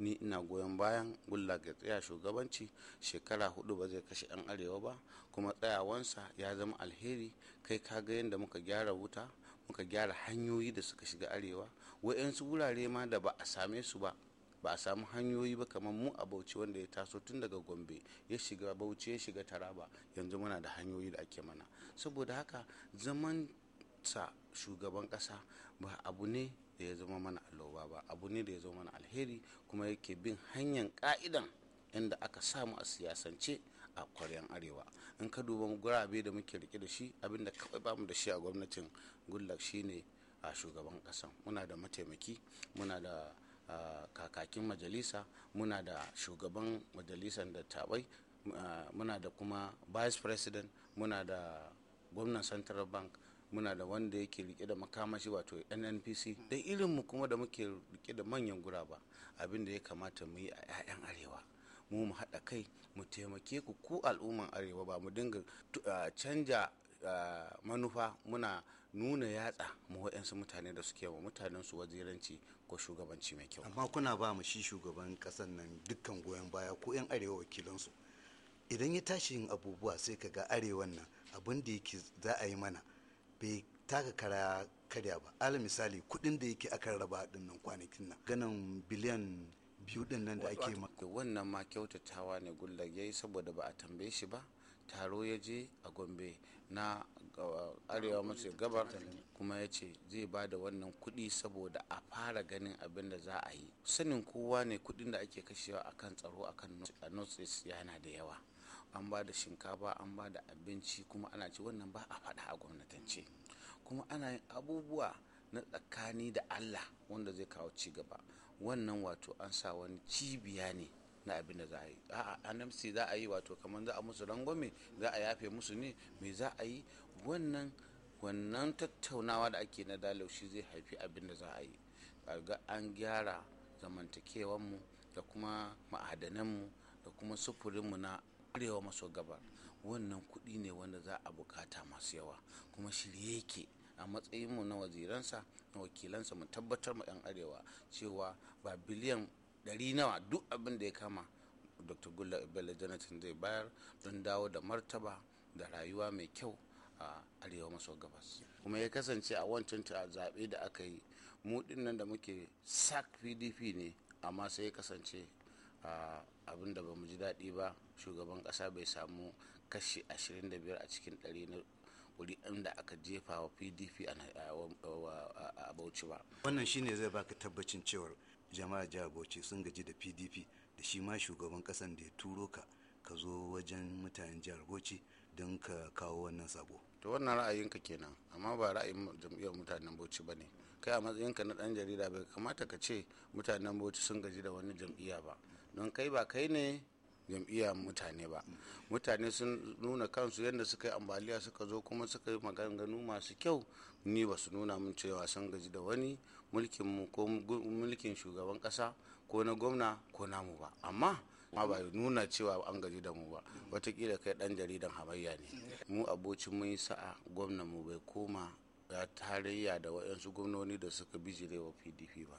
ni ina goyon bayan gulla ga tsaya shugabanci shekara hudu ba zai kashe 'yan arewa ba kuma tsayawansa ya zama alheri kai ka ga yadda muka gyara wuta muka gyara hanyoyi da suka shiga arewa wa'yansu wurare ma da ba a same su ba ba a samu hanyoyi ba kamar mu a bauchi wanda ya taso tun daga gombe ya shiga bauchi ya shiga taraba yanzu muna da hanyoyi da ake mana saboda haka zaman sa shugaban kasa ba abu ne da ya zama mana alloba ba abu ne da ya zama mana alheri kuma yake bin hanyar ka'idan inda aka samu a siyasance a kwaryan arewa in ka duba gurabe da muke rike da shi abinda kawai bamu da shi a gwamnatin gullak shine a shugaban kasan muna da mataimaki muna da kakakin majalisa muna da shugaban da dattabai muna da kuma vice president muna da gwamnan central bank muna da wanda yake rike da makamashi wato nnpc da mu kuma da muke rike da manyan guraba abin da ya kamata mu yi a 'ya'yan arewa mu mu haɗa kai mu taimake ku ku al'umman arewa ba mu dinga canja manufa muna nuna yatsa mu waɗansu mutane da suke wa mutanen su waziranci ko shugabanci mai kyau amma kuna ba mu shi shugaban ƙasar nan dukkan goyon baya ko 'yan arewa wakilansu idan ya tashi yin abubuwa sai ka ga arewan nan abin da yake za a yi mana bai taka kara karya ba ala misali kuɗin da yake akan raba din nan kwanakin nan ganin biliyan biyu din nan da ake ma wannan ma kyautatawa ne gullag yayi saboda ba a tambaye shi ba taro ya je a gombe na arewa maso gabar kuma ya ce zai ba da wannan kuɗi saboda a fara ganin abin da za a yi sanin kowa ne kuɗin da ake kashewa akan tsaro akan north east yana da yawa an ba da shinkafa an ba da abinci kuma ana ci wannan ba a faɗa a gwamnatance kuma ana yin abubuwa na tsakani da allah wanda zai kawo ci gaba wannan wato an sa wani cibiya ne na abin da za a yi a'a anamsi za a yi wato kamar za a musu rangwame za a yafe musu ne me za a yi wannan wannan tattaunawa da ake na dalaushi zai haifi abin da za a yi ga an gyara zamantakewanmu da kuma ma'adananmu da kuma sufurinmu na arewa maso gabar wannan kuɗi ne wanda za a bukata masu yawa kuma shirye yake a matsayinmu na waziransa na wakilansa mu tabbatar mu 'yan arewa cewa ba biliyan ɗari nawa duk abin da ya kama dr gullar bello jonathan zai bayar don dawo da martaba da rayuwa mai kyau a arewa maso gabas kuma ya kasance a wancan ta zaɓe da aka yi mu nan da muke sac pdp ne amma sai ya kasance abinda da ba mu ji daɗi ba shugaban ƙasa bai samu kashi da biyar a cikin ɗari na wuri da aka jefa wa pdp a bauchi ba wannan shine zai baka tabbacin cewar jama'a jihar bauchi sun gaji da pdp da shi ma shugaban ƙasan da ya turo ka ka zo wajen mutanen jihar bauchi don ka kawo wannan sabo to wannan ra'ayinka kenan amma ba ra'ayin jam'iyyar mutanen bauchi ba ne kai a matsayinka na ɗan jarida bai kamata ka ce mutanen bauchi sun gaji da wani jam'iyya ba don kai ba kai ne jam'iyyar mutane ba mutane sun nuna kansu yadda suka yi ambaliya suka zo kuma suka yi maganganu masu kyau ni ba su nuna mun cewa sun gaji da wani mulkin ko mulkin shugaban kasa ko na gwamna ko namu ba amma ma ba nuna cewa an gaji da mu ba watakila kai dan jaridan hamayya ne mu abocin mun yi sa'a gwamna mu bai koma ya tarayya da waɗansu gwamnoni da suka bijirewa pdp ba